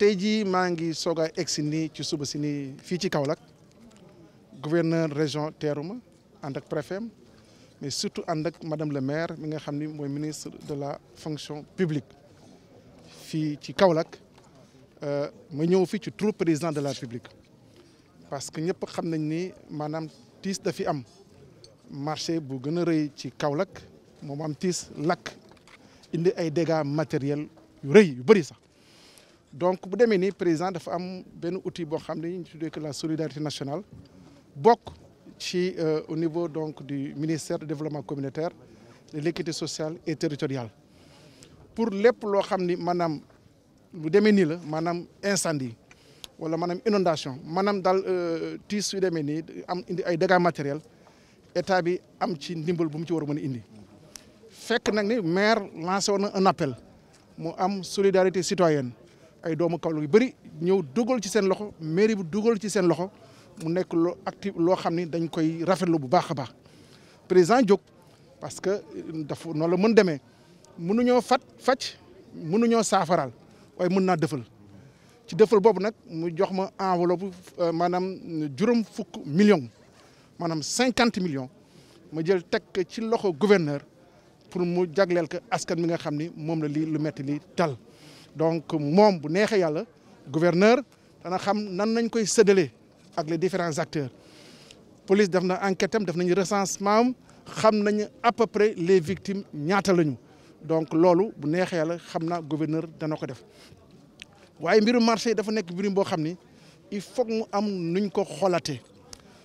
tey jii maa ngi soog a si nii ci suba si nii fii ci Kaolack gouverneur région teeru ma ànd ak préfet mais surtout ànd ak madame le maire mi nga xam ni mooy ministre de la fonction publique fii ci Kaolack euh, ma ñëw fii ci turu président de la République parce que ñëpp xam nañ ni maanaam tiis dafi am marché bu gën a rëy ci Kaolack moom am tiis lakk indi ay dégâts matériels yu rëy yu bëri sax. donc bu demee nii président dafa am benn outil boo xam ne ñu tuddee que la solidarité nationale bokk ci euh, au niveau donc du ministère du développement communautaire de l'équité sociale et territoriale pour lépp loo xam ni maanaam bu demee nii la maanaam incendie wala maanaam inondation maanaam daal euh, tiis yu demee nii am indi ay dégâts matériels état bi am ci ndimbal bu mu ci war a mën indi fekk nag ni maire lancé woon na un appel mu am solidarité citoyenne ay doomu Kaolack yu bëri ñëw dugal ci seen loxo mairie bu dugal ci seen loxo mu nekk loo actif loo xam ni dañ koy rafetlu bu baax a baax président jóg parce que euh, dafa noonu la mën demee mënuñoo fat faj mënuñoo saafaraal waaye mën naa dëfal ci dëfal boobu nag mu jox ma enveloppe euh, maanaam juróom fukk million maanaam cinquante million ma jël teg ci loxo gouverneur pour mu jagleel ko askan mi nga xam ni moom la lii lu metti lii tal donc moom bu neexee yàlla gouverneur dana xam nan nañ koy séddalee ak les différents acteurs police def na enquête am def nañu recensement am xam nañu à peu près les victimes ñaata lañu donc loolu bu neexee yàlla xam naa gouverneur dana ko def waaye mbirum marché dafa nekk mbirum boo xam ni il faut mu am nuñ ko xoolatee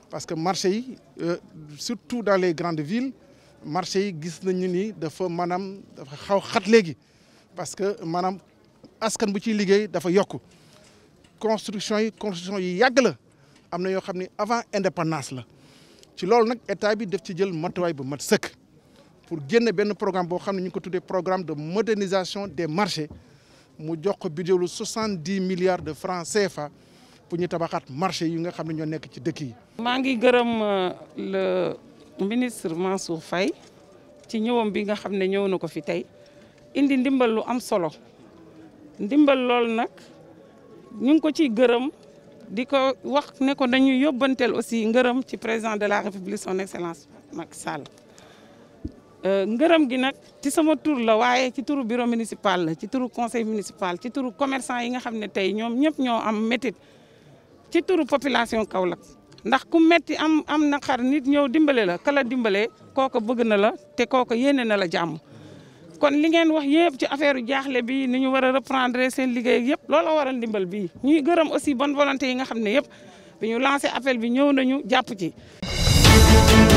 parce que marché yi euh, surtout dans les grandes villes marché yi gis nañu ni dafa maanaam dafa xaw xat léegi parce que maanaam askan bu ciy liggéey dafa yokk construction yi construction yi yàgg la am na yoo xam ne avant indépendance la ci loolu nag état bi daf ci jël matuwaay bu mat sëkk pour génne benn programme boo xam ne ñu ko tuddee programme de modernisation des marché mu jox ko budget lu soixante dix milliards de francs CFA pour ñu tabaxaat marché yi nga xam ne ñoo nekk ci dëkk yi. maa ngi gërëm euh, le ministre Mansour fay ci ñëwam bi nga xam ne ñëw na ko fi tey indi ndimbal lu am solo. ndimbal loolu nag ñu ngi ko ciy gërëm di ko wax ne ko dañuy yóbbanteel aussi ngërëm ci président de la république son excellence Macky Sall euh, ngërëm gi nag ci sama tur la waaye ci turu bureau municipal la ci turu conseil municipal ci turu commerçant yi nga xam ne tey ñoom ñëpp ñoo am métit ci turu population Kaolack ndax ku metti am am na xar nit ñëw dimbale la kala dimbale kooko bëgg na la te kooko yéene na la jàmm kon li ngeen wax yëpp ci affaire yu jaaxle bi ni ñu war a reprendre seen liggéey yëpp loola waral ndimbal bi ñuy gërëm aussi bonne volonté yi nga xam ne yëpp bi ñu lancé appel bi ñëw nañu jàpp ci.